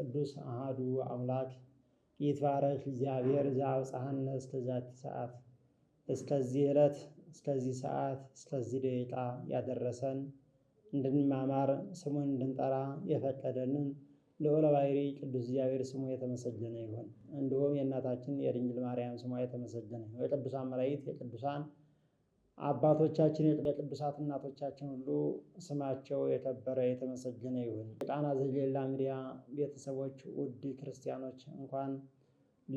ቅዱስ አሃዱ አምላክ ይትባረክ እግዚአብሔር ዘአብጽሐነ እስከ ሰዓት እስከዚህ ዕለት እስከዚህ ሰዓት እስከዚህ ደቂቃ ያደረሰን እንድንማማር ስሙን እንድንጠራ የፈቀደንን ልዑለ ቅዱስ እግዚአብሔር ስሙ የተመሰገነ ይሁን። እንዲሁም የእናታችን የድንግል ማርያም ስሟ የተመሰገነ ይሁን። የቅዱሳን መላእክት የቅዱሳን አባቶቻችን የቅዱሳት እናቶቻችን ሁሉ ስማቸው የከበረ የተመሰገነ ይሁን። የቃና ዘጌላ ሚዲያ ቤተሰቦች፣ ውድ ክርስቲያኖች እንኳን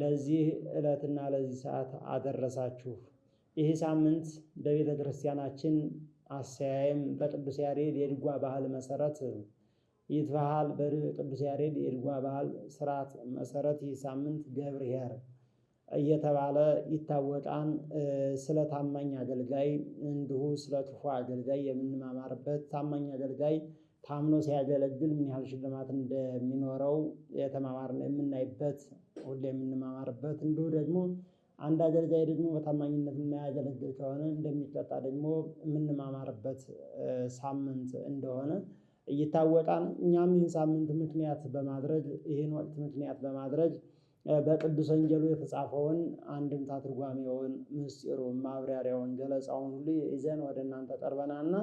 ለዚህ ዕለትና ለዚህ ሰዓት አደረሳችሁ። ይህ ሳምንት በቤተ ክርስቲያናችን አሰያየም በቅዱስ ያሬድ የድጓ ባህል መሰረት ይትባሃል በቅዱስ ያሬድ የድጓ ባህል ስርዓት መሰረት ይህ ሳምንት ገብር ኄር እየተባለ ይታወቃል። ስለ ታማኝ አገልጋይ እንዲሁ ስለ ክፉ አገልጋይ የምንማማርበት ታማኝ አገልጋይ ታምኖ ሲያገለግል ምን ያህል ሽልማት እንደሚኖረው የተማማር የምናይበት ሁሌ የምንማማርበት እንዲሁ ደግሞ አንድ አገልጋይ ደግሞ በታማኝነት የማያገለግል ከሆነ እንደሚቀጣ ደግሞ የምንማማርበት ሳምንት እንደሆነ ይታወቃል። እኛም ይህን ሳምንት ምክንያት በማድረግ ይህን ወቅት ምክንያት በማድረግ በቅዱስ ወንጌሉ የተጻፈውን አንድምታ ትርጓሜውን፣ ምስጢሩን፣ ማብራሪያውን፣ ገለጻውን ሁሉ ይዘን ወደ እናንተ ቀርበናልና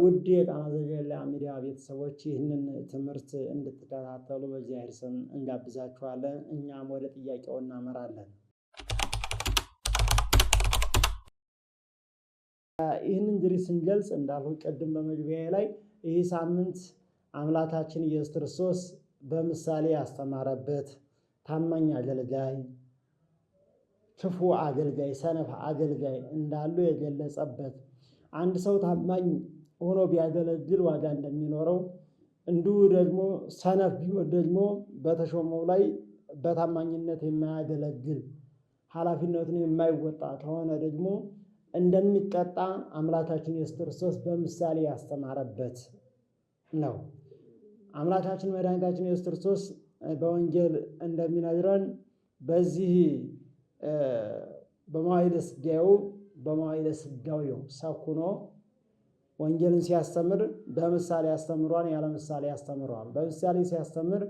ውድ የቃና ዘገሊላ ሚዲያ ቤተሰቦች ይህንን ትምህርት እንድትከታተሉ በእግዚአብሔር ስም እንጋብዛችኋለን። እኛም ወደ ጥያቄው እናመራለን። ይህን እንግዲህ ስንገልጽ እንዳልሁ ቅድም በመግቢያ ላይ ይህ ሳምንት አምላካችን ኢየሱስ ክርስቶስ በምሳሌ ያስተማረበት ታማኝ አገልጋይ፣ ክፉ አገልጋይ፣ ሰነፍ አገልጋይ እንዳሉ የገለጸበት አንድ ሰው ታማኝ ሆኖ ቢያገለግል ዋጋ እንደሚኖረው እንዲሁ ደግሞ ሰነፍ ቢሆን ደግሞ በተሾመው ላይ በታማኝነት የማያገለግል ኃላፊነቱን የማይወጣ ከሆነ ደግሞ እንደሚቀጣ አምላካችን ኢየሱስ ክርስቶስ በምሳሌ ያስተማረበት ነው። አምላካችን መድኃኒታችን ኢየሱስ ክርስቶስ በወንጌል እንደሚነግረን በዚህ በመዋዕለ ስጋዌው በመዋዕለ ስጋዌው ሰኩኖ ወንጌልን ሲያስተምር በምሳሌ ያስተምሯን ያለ ምሳሌ ያስተምሯል። በምሳሌ ሲያስተምር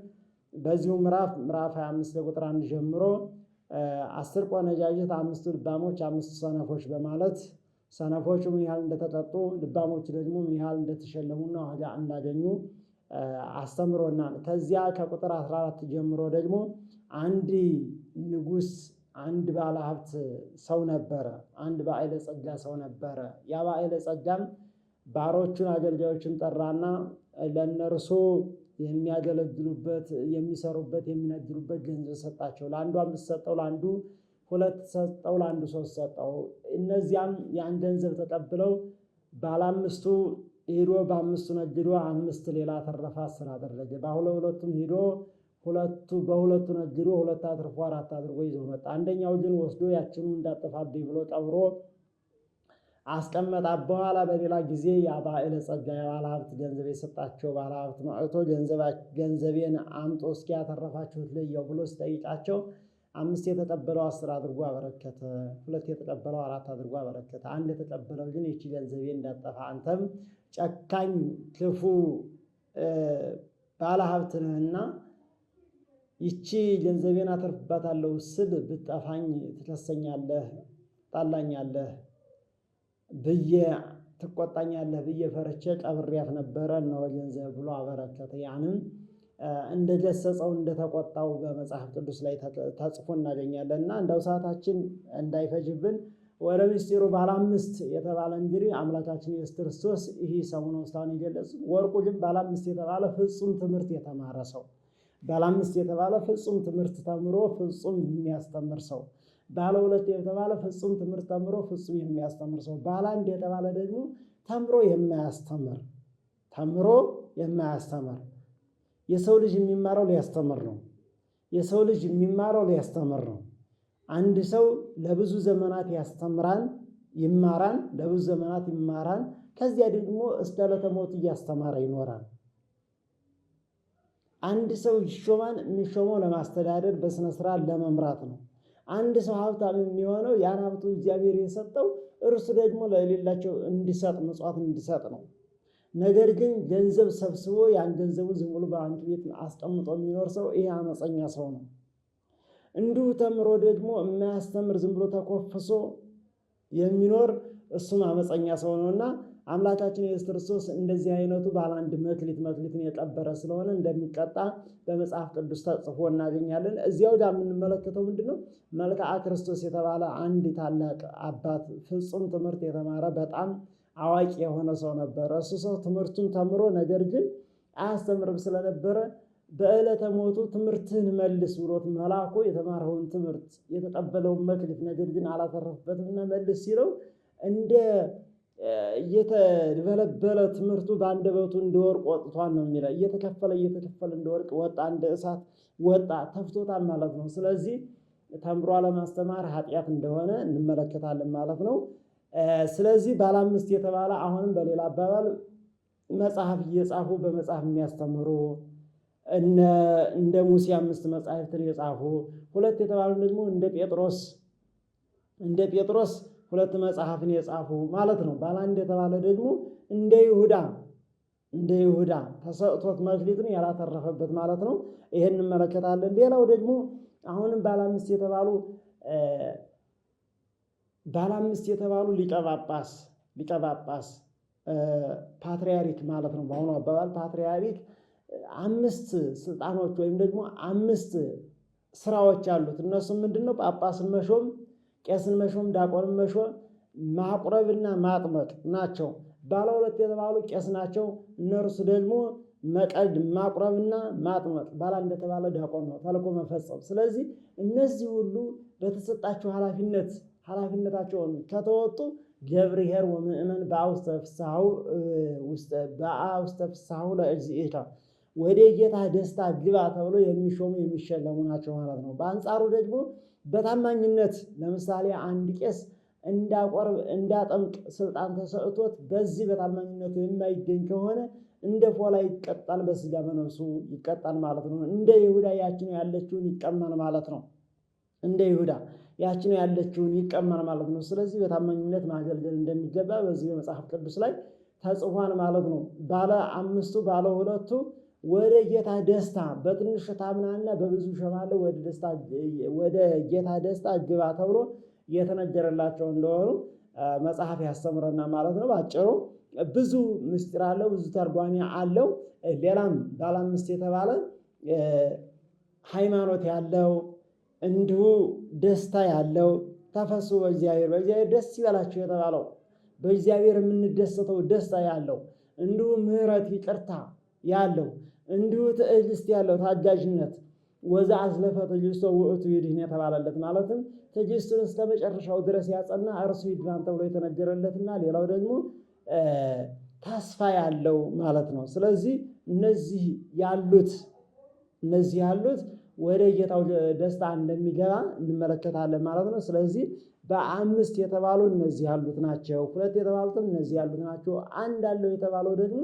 በዚሁ ምዕራፍ ምዕራፍ 25 ቁጥር 1 ጀምሮ አስር ቆነጃጅት፣ አምስቱ ልባሞች፣ አምስቱ ሰነፎች በማለት ሰነፎቹ ምን ያህል እንደተጠጡ ልባሞቹ ደግሞ ምን ያህል እንደተሸለሙና ዋጋ እንዳገኙ አስተምሮና ከዚያ ከቁጥር 14 ጀምሮ ደግሞ አንድ ንጉስ አንድ ባለሀብት ሰው ነበረ፣ አንድ ባዕለ ጸጋ ሰው ነበረ። ያ ባዕለ ጸጋም ባሮቹን አገልጋዮችን ጠራና ለእነርሱ የሚያገለግሉበት የሚሰሩበት የሚነግሩበት ገንዘብ ሰጣቸው። ለአንዱ አምስት ሰጠው፣ ለአንዱ ሁለት ሰጠው፣ ለአንዱ ሶስት ሰጠው። እነዚያም ያን ገንዘብ ተቀብለው ባለአምስቱ ሄዶ በአምስቱ ነግዶ አምስት ሌላ ተረፈ አስር አደረገ። በአሁለ ሁለቱም ሂዶ ሁለቱ በሁለቱ ነግዶ ሁለት አትርፎ አራት አድርጎ ይዞ መጣ። አንደኛው ግን ወስዶ ያችኑ እንዳጠፋብኝ ብሎ ቀብሮ አስቀመጣ። በኋላ በሌላ ጊዜ ያ ባዕለ ጸጋ የባለ ሀብት ገንዘብ የሰጣቸው ባለ ሀብት መጥቶ ገንዘቤን አምጦ እስኪ ያተረፋችሁት ለየው ብሎ ሲጠይቃቸው አምስት የተቀበለው አስር አድርጎ አበረከተ። ሁለት የተቀበለው አራት አድርጎ አበረከተ። አንድ የተቀበለው ግን ይቺ ገንዘቤ እንዳጠፋ አንተም ጨካኝ ክፉ ባለሀብት ነህና ይቺ ገንዘቤን አተርፍባታለሁ ስል ብጠፋኝ ትከሰኛለህ፣ ጣላኛለህ ብዬ ትቆጣኛለህ ብዬ ፈርቼ ቀብሬያት ነበረ እነሆ ገንዘብ ብሎ አበረከተ። ያንም እንደገሰጸው እንደተቆጣው በመጽሐፍ ቅዱስ ላይ ተጽፎ እናገኛለን እና እንደው ሰዓታችን እንዳይፈጅብን ወደ ምስጢሩ ባለ አምስት የተባለ እንግዲህ አምላካችን ኢየሱስ ክርስቶስ ይህ ሰሙነ ውስታውን የገለጽ ወርቁ ግን ባለ አምስት የተባለ ፍጹም ትምህርት የተማረ ሰው፣ ባለ አምስት የተባለ ፍጹም ትምህርት ተምሮ ፍጹም የሚያስተምር ሰው፣ ባለ ሁለት የተባለ ፍጹም ትምህርት ተምሮ ፍጹም የሚያስተምር ሰው፣ ባለ አንድ የተባለ ደግሞ ተምሮ የማያስተምር ተምሮ የማያስተምር። የሰው ልጅ የሚማረው ሊያስተምር ነው። የሰው ልጅ የሚማረው ሊያስተምር ነው። አንድ ሰው ለብዙ ዘመናት ያስተምራን ይማራን፣ ለብዙ ዘመናት ይማራን፣ ከዚያ ደግሞ እስከ ዕለተ ሞት እያስተማረ ይኖራል። አንድ ሰው ይሾማን የሚሾመው ለማስተዳደር በስነ ስርዓት ለመምራት ነው። አንድ ሰው ሀብታም የሚሆነው ያን ሀብቱ እግዚአብሔር የሰጠው እርሱ ደግሞ ለሌላቸው እንዲሰጥ መጽዋት እንዲሰጥ ነው። ነገር ግን ገንዘብ ሰብስቦ ያን ገንዘቡ ዝም ብሎ በአንድ ቤት አስቀምጦ የሚኖር ሰው ይሄ አመፀኛ ሰው ነው። እንዲሁ ተምሮ ደግሞ የማያስተምር ዝም ብሎ ተኮፍሶ የሚኖር እሱም አመፀኛ ሰው ነውና አምላካችን ኢየሱስ ክርስቶስ እንደዚህ አይነቱ ባለ አንድ መክሊት መክሊትን የቀበረ ስለሆነ እንደሚቀጣ በመጽሐፍ ቅዱስ ተጽፎ እናገኛለን። እዚያው ጋር የምንመለከተው ምንድን ነው? መልክዓ ክርስቶስ የተባለ አንድ ታላቅ አባት ፍጹም ትምህርት የተማረ በጣም አዋቂ የሆነ ሰው ነበረ። እሱ ሰው ትምህርቱን ተምሮ ነገር ግን አያስተምርም ስለነበረ በዕለተ ሞቱ ትምህርትህን መልስ ብሎት መላኩ የተማረውን ትምህርት የተቀበለውን መክሊት ነገር ግን አላተረፍበትምና መልስ ሲለው እንደ እየተበለበለ ትምህርቱ በአንደበቱ እንደ ወርቅ ወጥቷን ነው የሚለው። እየተከፈለ እየተከፈለ እንደ ወርቅ ወጣ፣ እንደ እሳት ወጣ፣ ተፍቶታል ማለት ነው። ስለዚህ ተምሮ አለማስተማር ኃጢአት እንደሆነ እንመለከታለን ማለት ነው። ስለዚህ ባለአምስት የተባለ አሁንም በሌላ አባባል መጽሐፍ እየጻፉ በመጽሐፍ የሚያስተምሩ እንደ ሙሴ አምስት መጻሕፍትን የጻፉ ሁለት የተባሉ ደግሞ እንደ ጴጥሮስ እንደ ጴጥሮስ ሁለት መጽሐፍን የጻፉ ማለት ነው። ባለ አንድ የተባለ ደግሞ እንደ ይሁዳ እንደ ይሁዳ ተሰጥቶት መክሊትን ያላተረፈበት ማለት ነው። ይሄን እንመለከታለን። ሌላው ደግሞ አሁንም ባለ አምስት የተባሉ ባለ አምስት የተባሉ ሊቀ ጳጳስ ሊቀ ጳጳስ ፓትርያርክ ማለት ነው። በአሁኑ አባባል ፓትርያርክ አምስት ስልጣኖች ወይም ደግሞ አምስት ስራዎች አሉት። እነሱም ምንድን ነው? ጳጳስን መሾም፣ ቄስን መሾም፣ ዲያቆንን መሾም፣ ማቁረብና ማጥመቅ ናቸው። ባለ ሁለት የተባሉ ቄስ ናቸው። እነርሱ ደግሞ መቀድ ማቁረብና ማጥመቅ፣ ባላ እንደተባለ ዲያቆን ነው፣ ተልእኮ መፈጸም። ስለዚህ እነዚህ ሁሉ በተሰጣቸው ኃላፊነት ኃላፊነታቸውን ከተወጡ ገብርሄር ወምእመን በአውስተ ፍስሐሁ ለእግዚእታ ወደ ጌታ ደስታ ግባ ተብሎ የሚሾሙ የሚሸለሙ ናቸው ማለት ነው። በአንጻሩ ደግሞ በታማኝነት ለምሳሌ አንድ ቄስ እንዳቆርብ እንዳጠምቅ ስልጣን ተሰጥቶት በዚህ በታማኝነቱ የማይገኝ ከሆነ እንደ ፎላ ይቀጣል፣ በስጋ በነፍሱ ይቀጣል ማለት ነው። እንደ ይሁዳ ያችን ያለችውን ይቀማል ማለት ነው። እንደ ይሁዳ ያችን ያለችውን ይቀማል ማለት ነው። ስለዚህ በታማኝነት ማገልገል እንደሚገባ በዚህ በመጽሐፍ ቅዱስ ላይ ተጽፏል ማለት ነው። ባለ አምስቱ ባለ ሁለቱ ወደ ጌታ ደስታ በትንሽ ምናና በብዙ ሸማለህ ወደ ጌታ ደስታ ግባ ተብሎ የተነገረላቸው እንደሆኑ መጽሐፍ ያስተምረና ማለት ነው። ባጭሩ ብዙ ምስጢር አለው፣ ብዙ ተርጓሚ አለው። ሌላም ባለ የተባለ ሃይማኖት ያለው እንዲሁ ደስታ ያለው ተፈሱ በእግዚአብሔር በእግዚአብሔር ደስ ይበላቸው የተባለው በእግዚአብሔር የምንደሰተው ደስታ ያለው እንዲሁ ምሕረት ይቅርታ ያለው እንዲሁ ትዕግስት ያለው ታጋዥነት ወዛ አዝለፈት ልጅሶ ውእቱ ይድህን የተባለለት ማለትም ትዕግስቱን እስከ መጨረሻው ድረስ ያጸና እርሱ ይድናን ተብሎ የተነገረለትና ሌላው ደግሞ ተስፋ ያለው ማለት ነው። ስለዚህ እነዚህ ያሉት እነዚህ ያሉት ወደ ጌታው ደስታ እንደሚገባ እንመለከታለን ማለት ነው። ስለዚህ በአምስት የተባሉ እነዚህ ያሉት ናቸው። ሁለት የተባሉትም እነዚህ ያሉት ናቸው። አንድ አለው የተባለው ደግሞ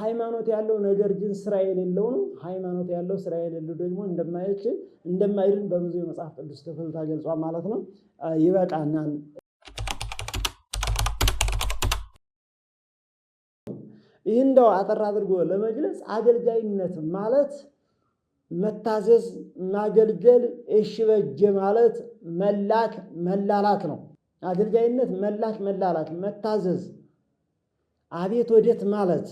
ሃይማኖት ያለው ነገር ግን ስራ የሌለው ነው። ሃይማኖት ያለው ስራ የሌለው ደግሞ እንደማይችል እንደማይድን በብዙ የመጽሐፍ ቅዱስ ክፍል ተገልጿል ማለት ነው። ይበቃናል። ይህ እንደው አጠር አድርጎ ለመግለጽ አገልጋይነት ማለት መታዘዝ፣ ማገልገል፣ እሺ በጀ ማለት መላክ፣ መላላክ ነው። አገልጋይነት መላክ፣ መላላክ፣ መታዘዝ፣ አቤት ወዴት ማለት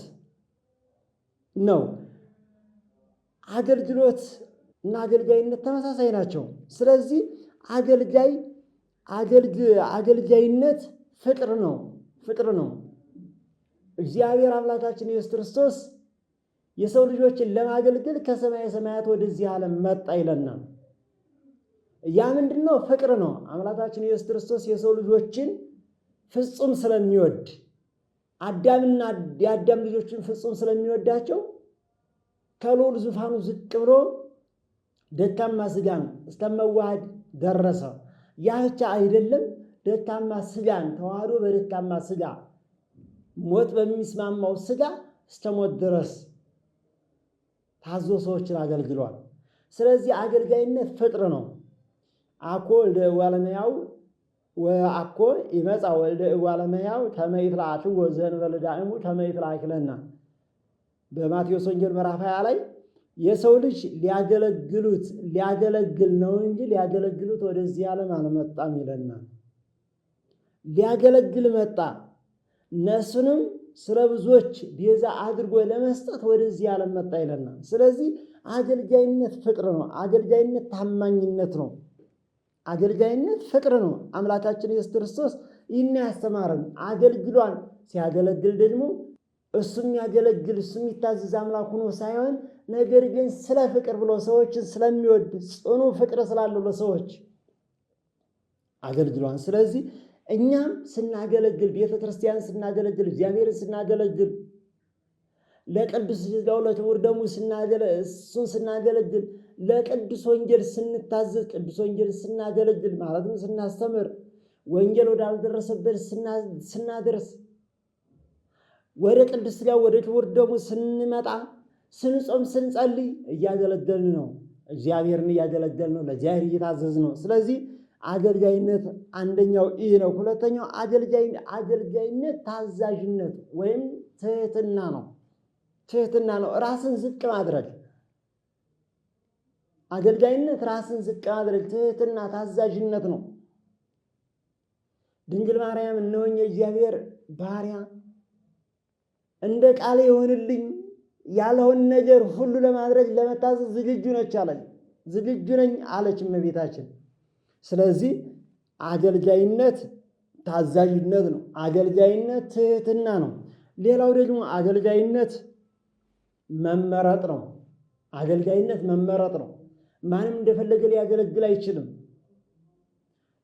ነው። አገልግሎት እና አገልጋይነት ተመሳሳይ ናቸው። ስለዚህ አገልጋይ አገልጋይነት ፍቅር ነው ፍቅር ነው። እግዚአብሔር አምላካችን ኢየሱስ ክርስቶስ የሰው ልጆችን ለማገልገል ከሰማይ ሰማያት ወደዚህ ዓለም መጣ ይለናል። ያ ምንድን ነው? ፍቅር ነው። አምላካችን ኢየሱስ ክርስቶስ የሰው ልጆችን ፍጹም ስለሚወድ አዳምና የአዳም ልጆችን ፍጹም ስለሚወዳቸው ከልዑል ዙፋኑ ዝቅ ብሎ ደካማ ስጋን እስከመዋሃድ ደረሰ። ያ ብቻ አይደለም፣ ደካማ ስጋን ተዋህዶ በደካማ ስጋ ሞት በሚስማማው ስጋ እስከ ሞት ድረስ ታዞ ሰዎችን አገልግሏል። ስለዚህ አገልጋይነት ፍጥር ነው አኮ ወልደ ወአኮ ይመጻ ወልደ እጓለ እመሕያው ከመ ይትለአክዎ ዘእንበለ ዳዕሙ ከመ ይትለአክለነ። በማቴዎስ ወንጌል ምዕራፍ 20 ላይ የሰው ልጅ ሊያገለግሉት ሊያገለግል ነው እንጂ ሊያገለግሉት ወደዚህ ዓለም አልመጣም ይለናል። ሊያገለግል መጣ። ነፍሱንም ስለ ብዙዎች ቤዛ አድርጎ ለመስጠት ወደዚህ ዓለም መጣ ይለናል። ስለዚህ አገልጋይነት ፍቅር ነው። አገልጋይነት ታማኝነት ነው። አገልጋይነት ፍቅር ነው። አምላካችን ኢየሱስ ክርስቶስ ይህን ያስተማረን አገልግሏን ሲያገለግል ደግሞ እሱ የሚያገለግል እሱ የሚታዘዝ አምላክ ሆኖ ሳይሆን ነገር ግን ስለ ፍቅር ብሎ ሰዎችን ስለሚወድ ጽኑ ፍቅር ስላለው ለሰዎች አገልግሏን። ስለዚህ እኛም ስናገለግል፣ ቤተ ክርስቲያን ስናገለግል፣ እግዚአብሔርን ስናገለግል፣ ለቅዱስ ለሁለት ውር ደግሞ እሱን ስናገለግል ለቅዱስ ወንጌል ስንታዘዝ፣ ቅዱስ ወንጌል ስናገለግል፣ ማለትም ስናስተምር፣ ወንጌል ወዳልደረሰበት ስናደርስ፣ ወደ ቅዱስ ሥጋው ወደ ክቡር ደሙ ስንመጣ፣ ስንጾም፣ ስንጸልይ እያገለገልን ነው። እግዚአብሔርን እያገለገልን ነው። ለእግዚአብሔር እየታዘዝ ነው። ስለዚህ አገልጋይነት አንደኛው ይህ ነው። ሁለተኛው አገልጋይነት ታዛዥነት ወይም ትህትና ነው። ትህትና ነው። ራስን ዝቅ ማድረግ አገልጋይነት ራስን ዝቅ ማድረግ፣ ትህትና ታዛዥነት ነው። ድንግል ማርያም እነሆኝ የእግዚአብሔር ባሪያ እንደ ቃል የሆንልኝ ያለውን ነገር ሁሉ ለማድረግ ለመታዘዝ ዝግጁ ነች አለች። ዝግጁ ነኝ አለች እመቤታችን። ስለዚህ አገልጋይነት ታዛዥነት ነው። አገልጋይነት ትህትና ነው። ሌላው ደግሞ አገልጋይነት መመረጥ ነው። አገልጋይነት መመረጥ ነው። ማንም እንደፈለገ ሊያገለግል አይችልም።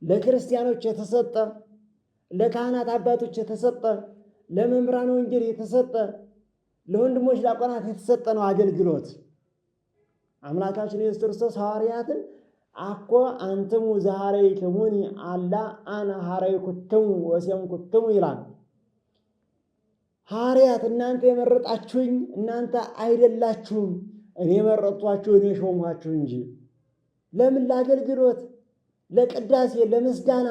ለክርስቲያኖች የተሰጠ፣ ለካህናት አባቶች የተሰጠ፣ ለመምህራን ወንጌል የተሰጠ፣ ለወንድሞች ዲያቆናት የተሰጠ ነው አገልግሎት። አምላካችን ኢየሱስ ክርስቶስ ሐዋርያትን አኮ አንትሙ ክሙኒ አላ አነ ወሴም ኩትሙ ይላል። ሐዋርያት እናንተ የመረጣችሁኝ እናንተ አይደላችሁም እኔ መረጥኳችሁ እኔ ሾሟችሁ እንጂ ለምን ለአገልግሎት፣ ለቅዳሴ፣ ለምስጋና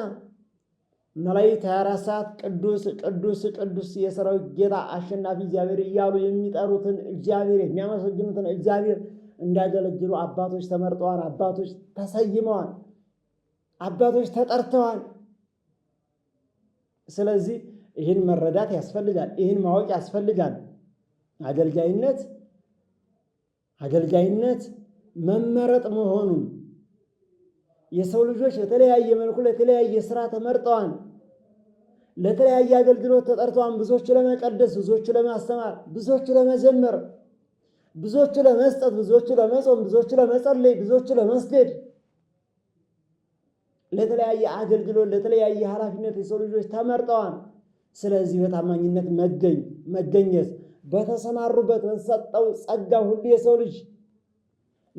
መላእክት 24 ሰዓት ቅዱስ ቅዱስ ቅዱስ የሰራዊት ጌታ አሸናፊ እግዚአብሔር እያሉ የሚጠሩትን እግዚአብሔር የሚያመሰግኑትን እግዚአብሔር እንዳገለግሉ አባቶች ተመርጠዋል። አባቶች ተሰይመዋል። አባቶች ተጠርተዋል። ስለዚህ ይህን መረዳት ያስፈልጋል። ይህን ማወቅ ያስፈልጋል። አገልጋይነት አገልጋይነት መመረጥ መሆኑን የሰው ልጆች በተለያየ መልኩ ለተለያየ ስራ ተመርጠዋል። ለተለያየ አገልግሎት ተጠርተዋል። ብዙዎቹ ለመቀደስ፣ ብዙዎቹ ለማስተማር፣ ብዙዎቹ ለመዘመር፣ ብዙዎቹ ለመስጠት፣ ብዙዎቹ ለመጾም፣ ብዙዎቹ ለመጸለይ፣ ብዙዎቹ ለመስገድ፣ ለተለያየ አገልግሎት፣ ለተለያየ ኃላፊነት የሰው ልጆች ተመርጠዋል። ስለዚህ በታማኝነት መገኝ መገኘት በተሰማሩበት በተሰጠው ጸጋ ሁሉ የሰው ልጅ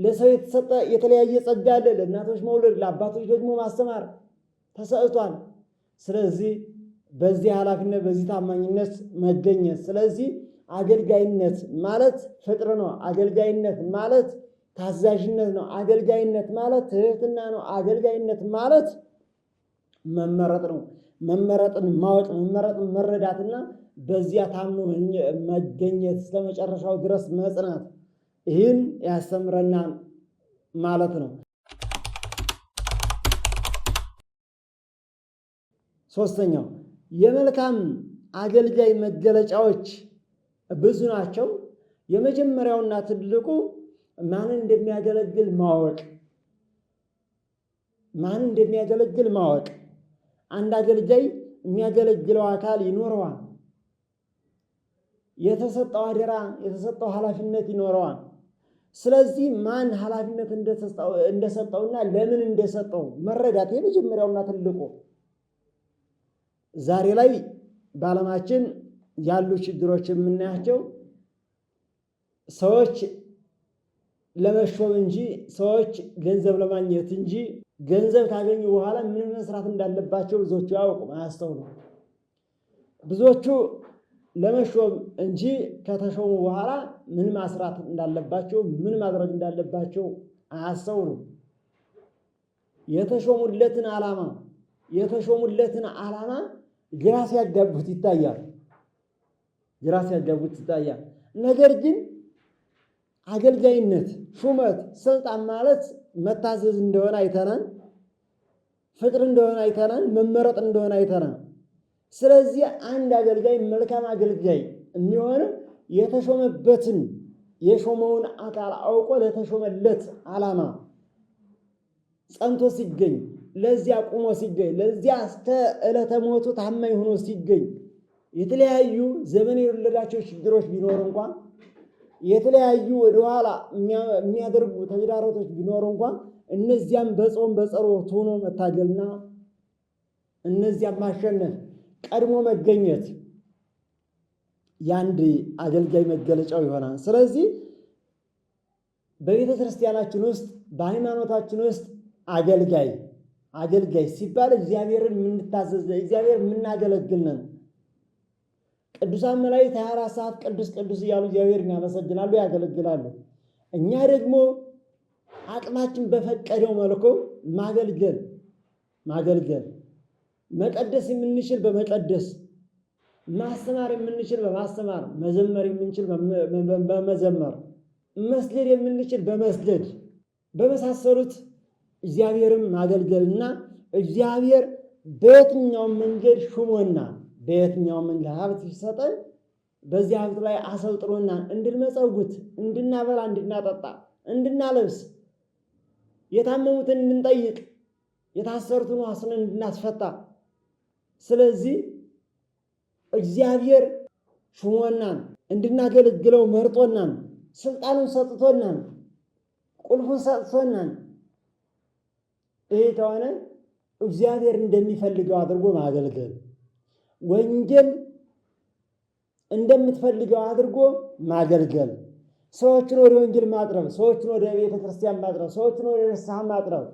ለሰው የተሰጠ የተለያየ ጸጋ አለ። ለእናቶች መውለድ፣ ለአባቶች ደግሞ ማስተማር ተሰጥቷል። ስለዚህ በዚህ ኃላፊነት በዚህ ታማኝነት መገኘት። ስለዚህ አገልጋይነት ማለት ፍቅር ነው። አገልጋይነት ማለት ታዛዥነት ነው። አገልጋይነት ማለት ትህትና ነው። አገልጋይነት ማለት መመረጥ ነው። መመረጥን ማወቅ መመረጥን መረዳትና በዚያ ታምኖ መገኘት እስከ መጨረሻው ድረስ መጽናት ይህን ያስተምረናል ማለት ነው። ሶስተኛው የመልካም አገልጋይ መገለጫዎች ብዙ ናቸው። የመጀመሪያውና ትልቁ ማንን እንደሚያገለግል ማወቅ ማንን እንደሚያገለግል ማወቅ። አንድ አገልጋይ የሚያገለግለው አካል ይኖረዋል። የተሰጠው አደራ የተሰጠው ኃላፊነት ይኖረዋል። ስለዚህ ማን ኃላፊነት እንደሰጠውና ለምን እንደሰጠው መረዳት የመጀመሪያውና ትልቁ። ዛሬ ላይ በዓለማችን ያሉ ችግሮች የምናያቸው ሰዎች ለመሾም እንጂ ሰዎች ገንዘብ ለማግኘት እንጂ ገንዘብ ካገኙ በኋላ ምን መስራት እንዳለባቸው ብዙዎቹ አያውቁም፣ አያስተውሉም ብዙዎቹ ለመሾም እንጂ ከተሾሙ በኋላ ምን ማስራት እንዳለባቸው ምን ማድረግ እንዳለባቸው አያሰው ነው። የተሾሙለትን ዓላማ የተሾሙለትን ዓላማ ግራ ሲያጋቡት ይታያል። ግራ ሲያጋቡት ይታያል። ነገር ግን አገልጋይነት፣ ሹመት፣ ስልጣን ማለት መታዘዝ እንደሆነ አይተናል። ፍቅር እንደሆነ አይተናል። መመረጥ እንደሆነ አይተናል። ስለዚህ አንድ አገልጋይ መልካም አገልጋይ የሚሆንም የተሾመበትን የሾመውን አካል አውቆ ለተሾመለት ዓላማ ጸንቶ ሲገኝ፣ ለዚያ ቁሞ ሲገኝ፣ ለዚያ እስከ ዕለተ ሞቱ ታማኝ ሆኖ ሲገኝ፣ የተለያዩ ዘመን የወለዳቸው ችግሮች ቢኖር እንኳ የተለያዩ ወደኋላ የሚያደርጉ ተግዳሮቶች ቢኖር እንኳ እነዚያም በጾም በጸሎት ሆኖ መታገልና እነዚያም ማሸነፍ ቀድሞ መገኘት የአንድ አገልጋይ መገለጫው ይሆናል። ስለዚህ በቤተ ክርስቲያናችን ውስጥ በሃይማኖታችን ውስጥ አገልጋይ አገልጋይ ሲባል እግዚአብሔርን የምንታዘዝ እግዚአብሔር የምናገለግል ነን። ቅዱሳን መላእክት 24 ሰዓት ቅዱስ ቅዱስ እያሉ እግዚአብሔር ያመሰግናሉ፣ ያገለግላሉ። እኛ ደግሞ አቅማችን በፈቀደው መልኩ ማገልገል ማገልገል መቀደስ የምንችል በመቀደስ ማስተማር የምንችል በማስተማር መዘመር የምንችል በመዘመር መስደድ የምንችል በመስደድ በመሳሰሉት እግዚአብሔርን እና እግዚአብሔር በየትኛውም መንገድ ሹሞና በየትኛውም መንገድ ሀብት ሲሰጠን በዚህ ሀብት ላይ አሰልጥኖና እንድንመጸውት፣ እንድናበላ፣ እንድናጠጣ፣ እንድናለብስ፣ የታመሙትን እንድንጠይቅ፣ የታሰሩትን ዋስነን እንድናስፈታ ስለዚህ እግዚአብሔር ሹሞናን እንድናገለግለው መርጦናን ስልጣኑን ሰጥቶናን ቁልፉን ሰጥቶናን። ይሄ ተሆነ እግዚአብሔር እንደሚፈልገው አድርጎ ማገልገል፣ ወንጌል እንደምትፈልገው አድርጎ ማገልገል፣ ሰዎችን ወደ ወንጌል ማቅረብ፣ ሰዎችን ወደ ቤተ ክርስቲያን ማቅረብ፣ ሰዎችን ወደ ንስሐ ማቅረብ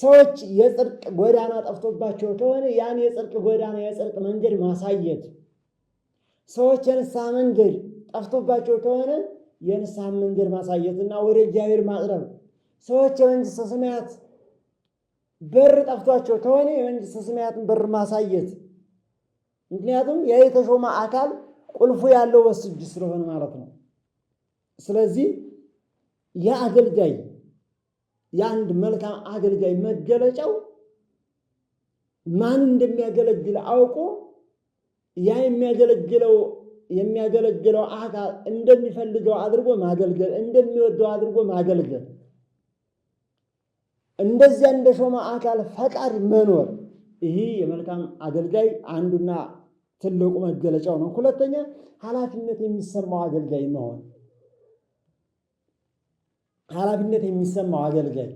ሰዎች የጽድቅ ጎዳና ጠፍቶባቸው ከሆነ ያን የጽድቅ ጎዳና የጽድቅ መንገድ ማሳየት፣ ሰዎች የንስሐ መንገድ ጠፍቶባቸው ከሆነ የንስሐ መንገድ ማሳየት እና ወደ እግዚአብሔር ማቅረብ፣ ሰዎች የመንግስተ ሰማያት በር ጠፍቷቸው ከሆነ የመንግስተ ሰማያትን በር ማሳየት። ምክንያቱም ያ የተሾመ አካል ቁልፉ ያለው በሱ እጅ ስለሆነ ማለት ነው። ስለዚህ ያ አገልጋይ የአንድ መልካም አገልጋይ መገለጫው ማን እንደሚያገለግል አውቆ ያ የሚያገለግለው የሚያገለግለው አካል እንደሚፈልገው አድርጎ ማገልገል፣ እንደሚወደው አድርጎ ማገልገል፣ እንደዚያ እንደ ሾመ አካል ፈቃድ መኖር፣ ይህ የመልካም አገልጋይ አንዱና ትልቁ መገለጫው ነው። ሁለተኛ ኃላፊነት የሚሰማው አገልጋይ መሆን ኃላፊነት የሚሰማው አገልጋይ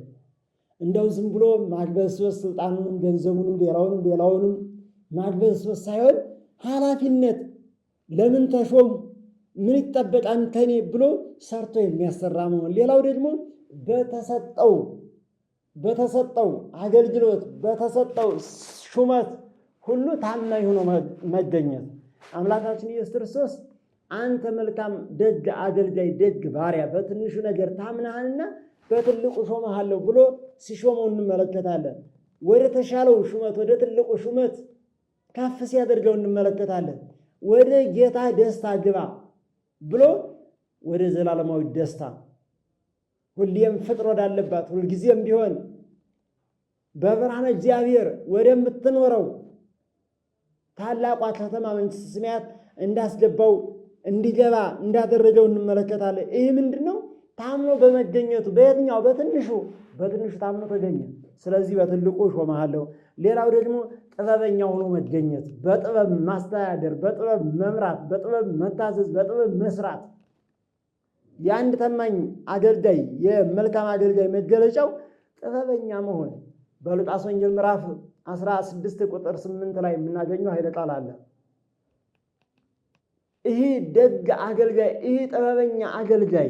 እንደው ዝም ብሎ ማግበስበስ ስልጣኑንም ገንዘቡንም ሌላውንም ሌላውንም ማግበስበስ ሳይሆን ኃላፊነት ለምን ተሾም ምን ይጠበቃል ከኔ ብሎ ሰርቶ የሚያሰራ መሆን። ሌላው ደግሞ በተሰጠው በተሰጠው አገልግሎት በተሰጠው ሹመት ሁሉ ታማኝ ሆኖ መገኘት አምላካችን ኢየሱስ ክርስቶስ አንተ መልካም ደግ አገልጋይ ደግ ባሪያ በትንሹ ነገር ታምናሃንና በትልቁ ሾመሃለሁ ብሎ ሲሾመው እንመለከታለን። ወደ ተሻለው ሹመት ወደ ትልቁ ሹመት ከፍ ሲያደርገው እንመለከታለን። ወደ ጌታ ደስታ ግባ ብሎ ወደ ዘላለማዊ ደስታ ሁሌም ፍጥር ወዳለባት ሁልጊዜም ቢሆን በብርሃነ እግዚአብሔር ወደምትኖረው ታላቋ ከተማ መንግሥተ ሰማያት እንዳስገባው እንዲገባ እንዳደረገው እንመለከታለን። ይህ ምንድን ነው? ታምኖ በመገኘቱ በየትኛው በትንሹ በትንሹ ታምኖ ተገኘ። ስለዚህ በትልቁ ሾመሃለሁ። ሌላው ደግሞ ጥበበኛ ሆኖ መገኘት፣ በጥበብ ማስተዳደር፣ በጥበብ መምራት፣ በጥበብ መታዘዝ፣ በጥበብ መስራት የአንድ ታማኝ አገልጋይ የመልካም አገልጋይ መገለጫው ጥበበኛ መሆን። በሉቃስ ወንጌል ምዕራፍ 16 ቁጥር 8 ላይ የምናገኘው ኃይለ ቃል አለ። ይህ ደግ አገልጋይ፣ ይህ ጥበበኛ አገልጋይ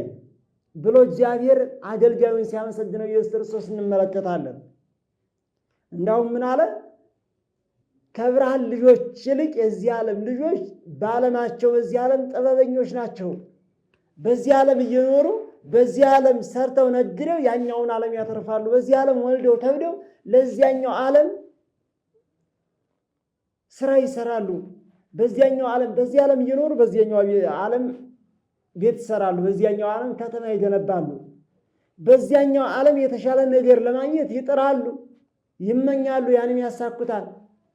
ብሎ እግዚአብሔር አገልጋዩን ሲያመሰግነው ኢየሱስ ክርስቶስ እንመለከታለን። እንዳውም ምን አለ? ከብርሃን ልጆች ይልቅ የዚህ ዓለም ልጆች በዓለማቸው በዚህ ዓለም ጥበበኞች ናቸው። በዚህ ዓለም እየኖሩ በዚህ ዓለም ሰርተው ነግደው ያኛውን ዓለም ያተርፋሉ። በዚህ ዓለም ወልደው ተብደው ለዚያኛው ዓለም ስራ ይሰራሉ። በዚያኛው ዓለም በዚህ ዓለም እየኖሩ በዚያኛው ዓለም ቤት ይሰራሉ፣ በዚያኛው ዓለም ከተማ ይገነባሉ። በዚያኛው ዓለም የተሻለ ነገር ለማግኘት ይጥራሉ፣ ይመኛሉ፣ ያንም ያሳኩታል፣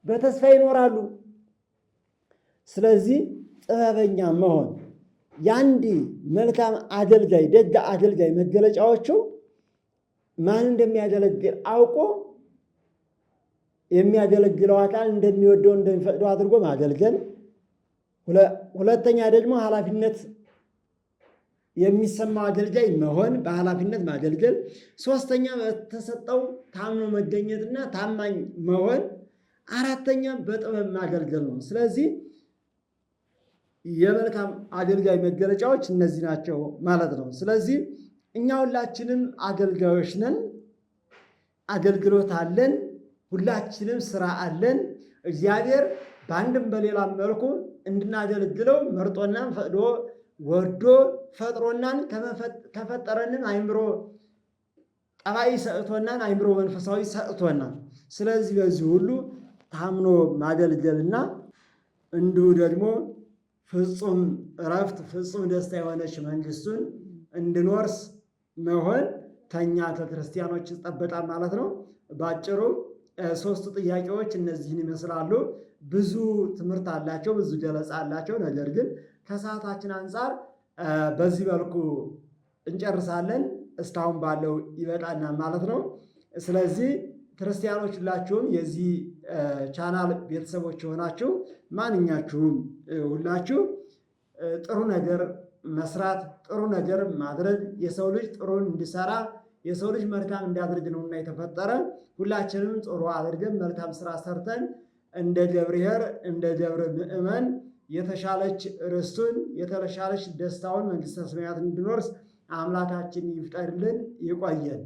በተስፋ ይኖራሉ። ስለዚህ ጥበበኛ መሆን የአንድ መልካም አገልጋይ ደግ አገልጋይ መገለጫዎቹ ማን እንደሚያገለግል አውቆ የሚያገለግለው አካል እንደሚወደው እንደሚፈቅደው አድርጎ ማገልገል ሁለተኛ ደግሞ ኃላፊነት የሚሰማው አገልጋይ መሆን፣ በኃላፊነት ማገልገል። ሶስተኛ በተሰጠው ታምኖ መገኘትና ታማኝ መሆን። አራተኛ በጥበብ ማገልገል ነው። ስለዚህ የመልካም አገልጋይ መገለጫዎች እነዚህ ናቸው ማለት ነው። ስለዚህ እኛ ሁላችንም አገልጋዮች ነን። አገልግሎት አለን። ሁላችንም ስራ አለን። እግዚአብሔር በአንድም በሌላም መልኩ እንድናገለግለው መርጦና ፈቅዶ ወዶ ፈጥሮናን ከፈጠረንን አይምሮ ጠባይ ሰጥቶናን አይምሮ መንፈሳዊ ሰጥቶናል። ስለዚህ በዚህ ሁሉ ታምኖ ማገልገልና እንዲሁ ደግሞ ፍጹም እረፍት ፍጹም ደስታ የሆነች መንግስቱን እንድኖርስ መሆን ተኛ ተክርስቲያኖች ይጠበቃል ማለት ነው ባጭሩ ሶስቱ ጥያቄዎች እነዚህን ይመስላሉ። ብዙ ትምህርት አላቸው፣ ብዙ ገለጻ አላቸው። ነገር ግን ከሰዓታችን አንጻር በዚህ መልኩ እንጨርሳለን። እስካሁን ባለው ይበቃናል ማለት ነው። ስለዚህ ክርስቲያኖች ሁላችሁም የዚህ ቻናል ቤተሰቦች የሆናችሁ ማንኛችሁም ሁላችሁ ጥሩ ነገር መስራት ጥሩ ነገር ማድረግ የሰው ልጅ ጥሩን እንዲሰራ የሰው ልጅ መልካም እንዲያደርግ እና የተፈጠረ። ሁላችንም ጾሮ አድርገን መልካም ስራ ሰርተን እንደ ገብርሔር እንደ ገብረ ምዕመን የተሻለች ርስቱን የተሻለች ደስታውን መንግስተ ሰማያት እንድኖርስ አምላካችን ይፍጠርልን። ይቆየን።